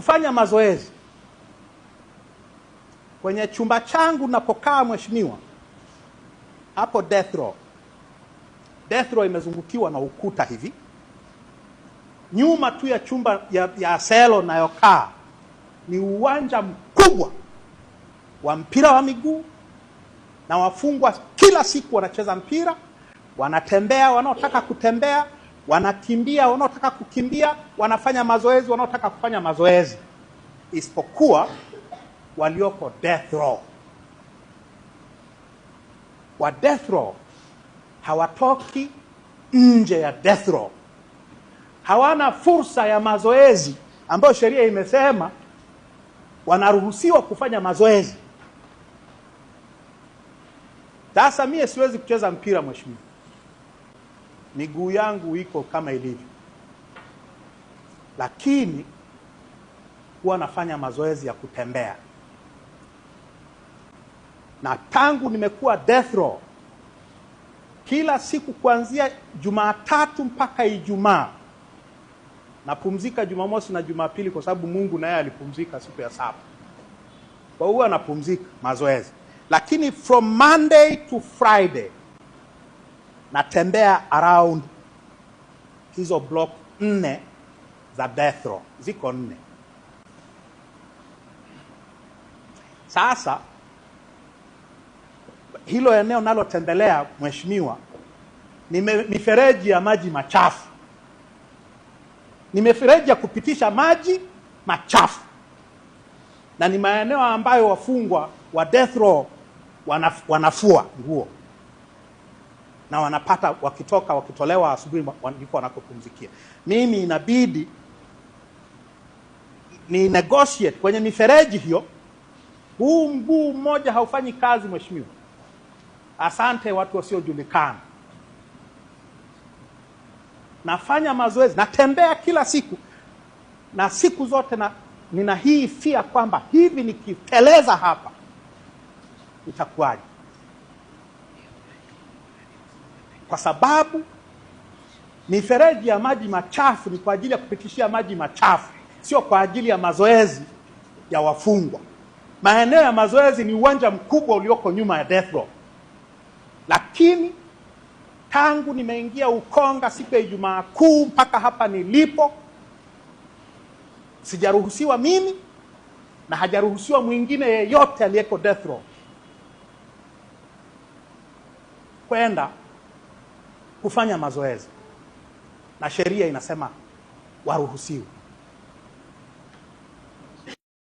kufanya mazoezi kwenye chumba changu napokaa, mheshimiwa, hapo death row. Death row imezungukiwa na ukuta hivi, nyuma tu ya chumba ya, ya selo nayokaa ni uwanja mkubwa wa mpira wa miguu, na wafungwa kila siku wanacheza mpira, wanatembea wanaotaka kutembea wanakimbia wanaotaka kukimbia, wanafanya mazoezi wanaotaka kufanya mazoezi, isipokuwa walioko death row. Wa death row hawatoki nje ya death row, hawana fursa ya mazoezi ambayo sheria imesema wanaruhusiwa kufanya mazoezi. Sasa mie siwezi kucheza mpira mheshimiwa miguu yangu iko kama ilivyo, lakini huwa nafanya mazoezi ya kutembea, na tangu nimekuwa death row, kila siku kuanzia Jumatatu mpaka Ijumaa napumzika Jumamosi na Jumapili kwa sababu Mungu naye alipumzika siku ya saba. Kwa huwa anapumzika mazoezi, lakini from Monday to Friday natembea around hizo block nne za death row, ziko nne. Sasa hilo eneo nalotembelea, mheshimiwa, ni mifereji ya maji machafu, ni mifereji ya kupitisha maji machafu, na ni maeneo ambayo wafungwa wa death row wanaf, wanafua nguo na wanapata wakitoka, wakitolewa asubuhi ndipo wanakopumzikia. Mimi inabidi ni negotiate kwenye mifereji hiyo. Huu mguu mmoja haufanyi kazi, mheshimiwa. Asante watu wasiojulikana. Nafanya mazoezi, natembea kila siku na siku zote na, nina hii fia kwamba hivi nikiteleza hapa itakuwaje? kwa sababu mifereji ya maji machafu ni kwa ajili ya kupitishia maji machafu, sio kwa ajili ya mazoezi ya wafungwa. Maeneo ya mazoezi ni uwanja mkubwa ulioko nyuma ya death row, lakini tangu nimeingia Ukonga siku ya Ijumaa Kuu mpaka hapa nilipo, sijaruhusiwa mimi na hajaruhusiwa mwingine yeyote aliyeko death row kwenda kufanya mazoezi, na sheria inasema waruhusiwe.